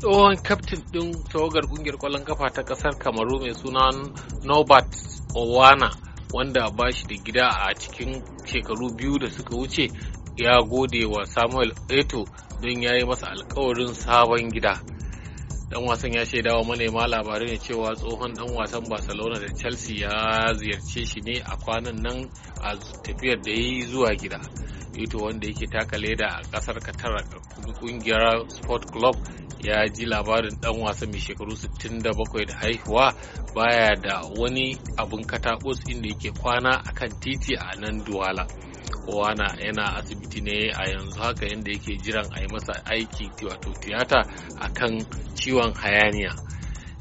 tsohon kaftin ɗin tawagar kungiyar ƙwallon kafa ta ƙasar kamaru mai suna norbert owana wanda ba shi da gida a cikin shekaru biyu da suka wuce ya gode wa samuel eto don ya yi masa alkawarin sabon gida dan wasan ya shaida wa manema labarai ne cewa tsohon dan wasan barcelona da chelsea ya ziyarce shi ne a kwanan nan a tafiyar da ya yi zuwa gida ito wanda yake taka leda a kasar katar kungiyar sport club ya ji labarin dan wasa mai shekaru 67 da haihuwa baya da wani abun katakos inda yake kwana a kan titi a nan duwala wana yana asibiti ne a yanzu haka yadda yake jiran a yi masa aiki wato tiyata a kan ciwon hayaniya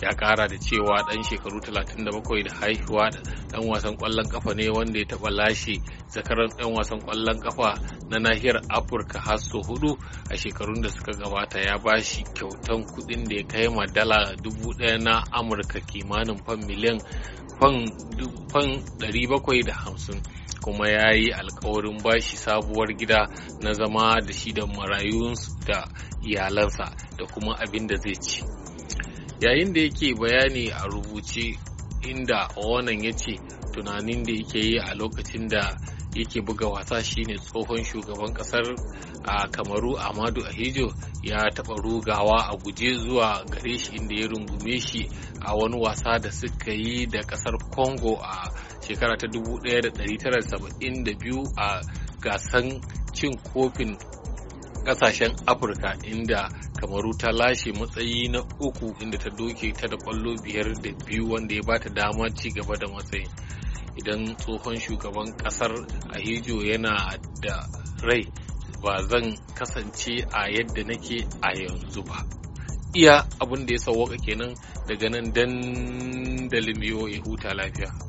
ya kara da cewa dan shekaru 37 da haihuwa dan wasan kwallon kafa ne wanda ya taba lashe zakaran dan wasan kwallon kafa na nahiyar afirka har so hudu a shekarun da suka gabata ya bashi kyautan kudin da ya kai ma dala dubu daya na amurka kimanin fan miliyan fan 750 kuma ya yi alkawarin bashi sabuwar gida na zama da shi da marayun da iyalansa da kuma abin da zai ci. yayin da yake bayani a rubuce inda wannan ya ce tunanin da yake yi a lokacin da yake buga wasa shine tsohon shugaban kasar a kamaru amadu ahijo ya taba rugawa a guje zuwa gare shi inda ya rungume shi a wani wasa da suka yi da kasar congo a shekara ta 1972 a gasan cin kofin kasashen afirka inda kamaru ta lashe matsayi na uku inda ta doke ta da kwallo biyar da biyu wanda ya bata dama ci gaba da matsayi, idan tsohon shugaban kasar ahijo yana da rai ba zan kasance a yadda nake a yanzu ba iya abin da ya sauwaka kenan daga nan dandalin ya huta lafiya